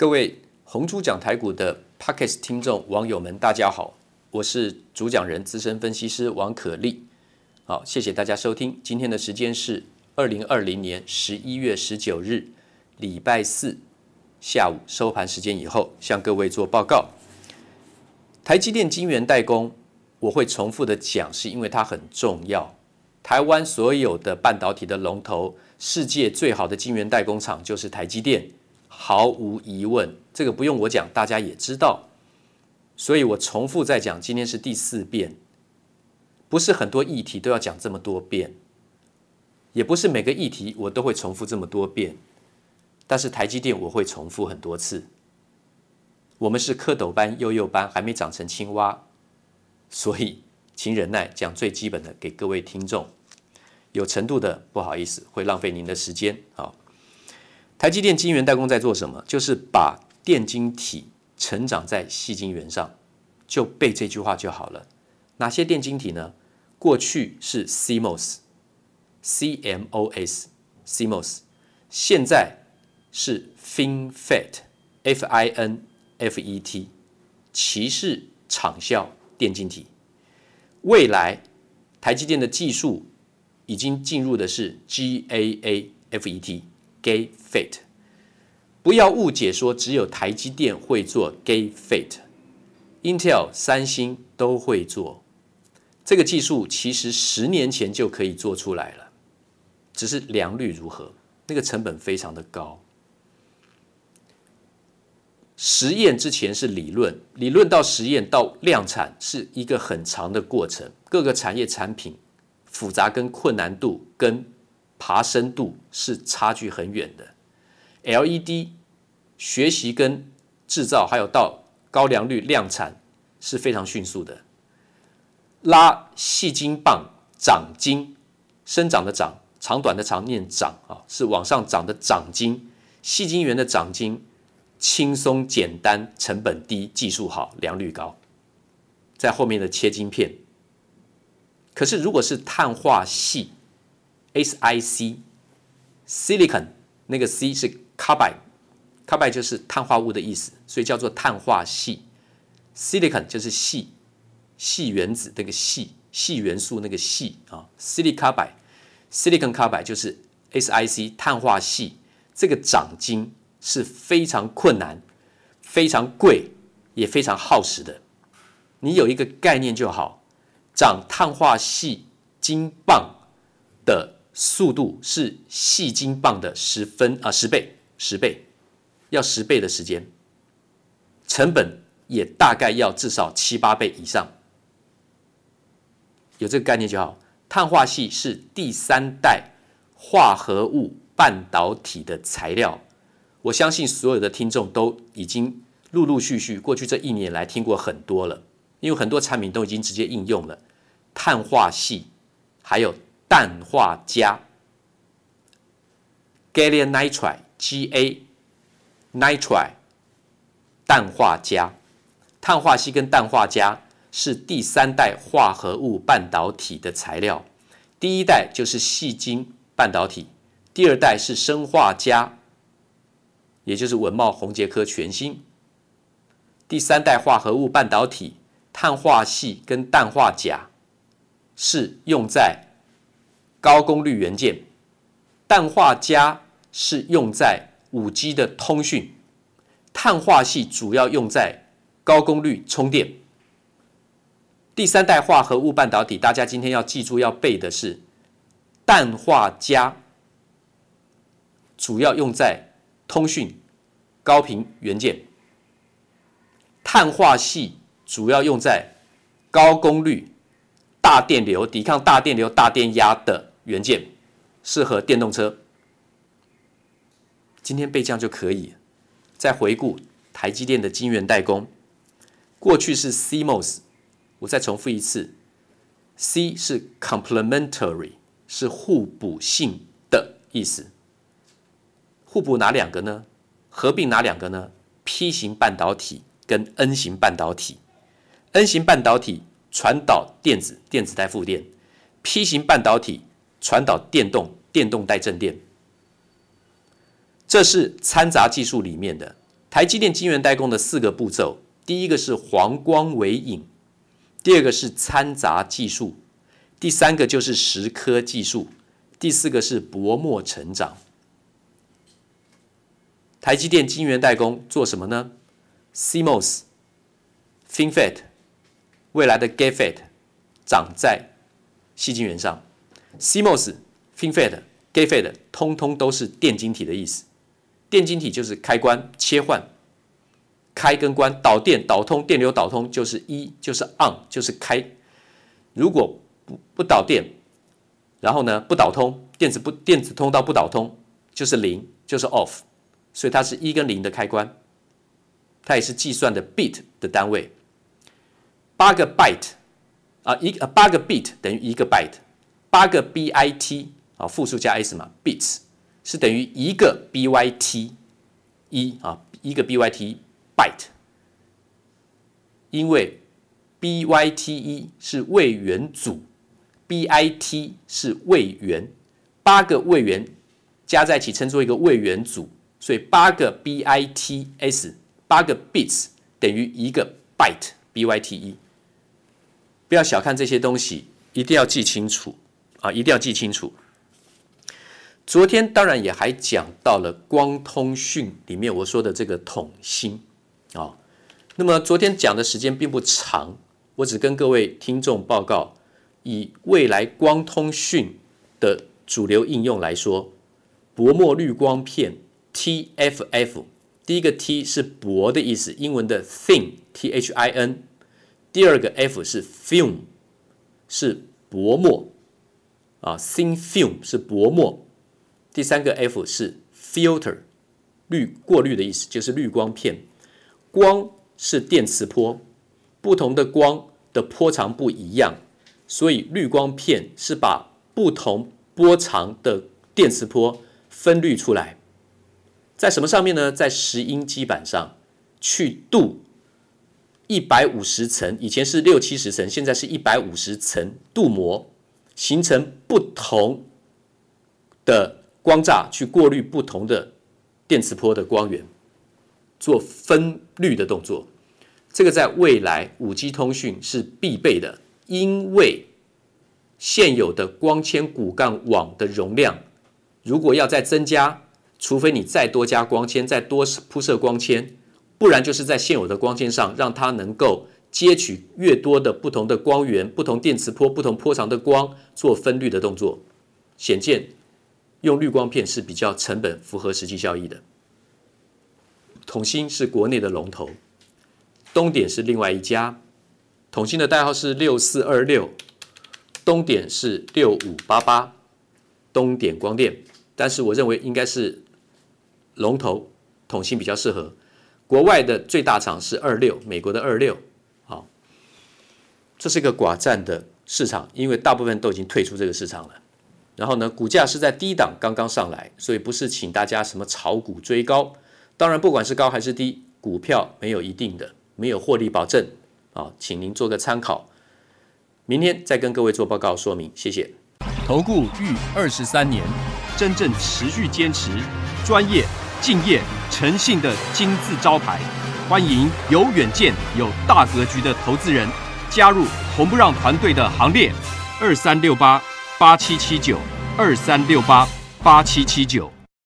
各位紅豬講台股的 Podcast 聽眾網友們，大家好，我是主講人資深分析師王可立。好，謝謝大家收聽。今天的時間是二零二零年十一月十九日，禮拜四下午收盤時間以後，向各位做報告。台積電晶圓代工，我會重複的講，是因為它很重要。台灣所有的半導體的龍頭，世界最好的晶圓代工廠就是台積電。毫無疑問，這個不用我講，大家也知道。所以我重複再講，今天是第四遍，不是很多議題都要講這麼多遍，也不是每個議題我都會重複這麼多遍。但是台積電我會重複很多次。我們是蝌蚪班、幼幼班，還沒長成青蛙，所以請忍耐，講最基本的給各位聽眾。有程度的，不好意思，會浪費您的時間。好。台積電晶圓代工在做什麼？就是把電晶體成長在矽晶圓上，就背這句話就好了。哪些電晶體呢？過去是 CMOS，CMOS，CMOS，現在是 FinFET，F-I-N，F-E-T，鰭式場效電晶體。未來台積電的技術已經進入的是 GAA FET。Gate FET 不要誤解說只有台積電會做 Gate FET，Intel 三星都會做。這個技術其實十年前就可以做出來了，只是良率如何，那個成本非常的高。實驗之前是理論，理論到實驗到量產是一個很長的過程，各個產業產品複雜跟困難度跟。爬深度是差距很遠的，LED 學習跟製造，還有到高良率量產是非常迅速的。拉矽晶棒長晶，生長的長，長短的長念長啊，是往上長的長晶，矽晶圓的長晶，輕鬆簡單，成本低，技術好，良率高，在後面的切晶片。可是如果是碳化矽。S I C，silicon，那個 C 是 carbide，carbide 就是碳化物的意思，所以叫做碳化矽。silicon 就是 C，矽，矽原子那個矽，矽元素那個矽啊，silica carbide，silicon carbide 就是 S I C 碳化矽。這個長晶是非常困難、非常貴、也非常耗時的。你有一個概念就好，長碳化矽晶棒的。速度是矽晶棒的十分啊、呃、十倍十倍，要十倍的時間，成本也大概要至少七八倍以上。有這個概念就好。碳化矽是第三代化合物半導體的材料，我相信所有的聽眾都已經陸陸續續過去這一年來聽過很多了，因為很多產品都已經直接應用了碳化矽，還有。氮化鎵 （Gallium Nitride, Ga Nitride），氮化鎵、碳化硅跟氮化鎵是第三代化合物半導體的材料。第一代就是矽晶半導體，第二代是砷化鎵，也就是穩懋、宏捷科、全新。第三代化合物半導體，碳化硅跟氮化鎵是用在。高功率元件，氮化鎵是用在五 G 的通訊，碳化矽主要用在高功率充電。第三代化合物半導體，大家今天要記住要背的是氮化鎵，主要用在通訊高頻元件，碳化矽主要用在高功率、大電流、抵抗大電流、大電壓的。元件適合電動車，今天被降就可以。再回顧台積電的晶圓代工，過去是 CMOS。我再重複一次，C 是 complementary，是互補性的意思。互補哪兩個呢？合併哪兩個呢？P 型半導體跟 N 型半導體。N 型半導體傳導電子，電子帶負電；P 型半導體。傳導電動，電動帶正電。這是摻雜技術裡面的台積電晶圓代工的四個步驟：第一個是黃光微影，第二個是摻雜技術，第三個就是蝕刻技術，第四個是薄膜成長。台積電晶圓代工做什麼呢？CMOS、FinFET、未來的 GAAFET 長在矽晶圓上。CMOS、FinFET、GateFET，通通都是電晶體的意思。電晶體就是開關、切換、開跟關、導電、導通、電流導通就是一，就是 on，就是開。如果不不導電，然後呢不導通，電子不電子通道不導通，就是零，就是 off。所以它是一跟零的開關，它也是計算的 bit 的單位。八個 byte 啊、呃，一啊八個 bit 等於一個 byte。八個 b i t 啊、哦、複數加 s 嘛，bits 是等於一個 b y t e 啊一個 b y t b i t e 因為 b y t e 是位元組，b i t 是位元，八個位元加在一起稱作一個位元組，所以八個 b i t s 八個 bits 等於一個 byte b y t e。不要小看這些東西，一定要記清楚。啊，一定要記清楚。昨天當然也還講到了光通訊裡面我說的這個統新啊、哦。那麼昨天講的時間並不長，我只跟各位聽眾報告，以未來光通訊的主流應用來說，薄膜濾光片 TFF，第一個 T 是薄的意思，英文的 thin，T H I N，第二個 F 是 film，是薄膜。啊、uh，thin film 是薄膜，第三個 f 是 filter，濾、過濾的意思，就是濾光片。光是電磁波，不同的光的波長不一樣，所以濾光片是把不同波長的電磁波分濾出來。在什麼上面呢？在石英基板上去鍍一百五十層，以前是六七十層，現在是一百五十層鍍膜。形成不同的光柵去過濾不同的電磁波的光源，做分濾的動作。這個在未來 5G 通訊是必備的，因為現有的光纖骨幹網的容量如果要再增加，除非你再多加光纖，再多鋪設光纖，不然就是在現有的光纖上讓它能夠接取越多的不同的光源、不同電磁波、不同波長的光做分濾的動作，顯見用濾光片是比較成本符合實際效益的。統新是國內的龍頭，東典是另外一家。統新的代號是六四二六，東典是六五八八，東典光電。但是我認為應該是龍頭統新比較適合。國外的最大廠是二六，美國的二六。這是一個寡占的市場，因為大部分都已經退出這個市場了。然後呢，股價是在低檔剛剛上來，所以不是請大家什麼炒股追高。當然，不管是高還是低，股票沒有一定的，沒有獲利保證啊，請您做個參考。明天再跟各位做報告說明，謝謝。投顧逾二十三年，真正持續堅持專業、敬業、誠信的金字招牌，歡迎有遠見、有大格局的投資人。加入“從不讓”團隊的行列，二三六八八七七九，二三六八八七七九。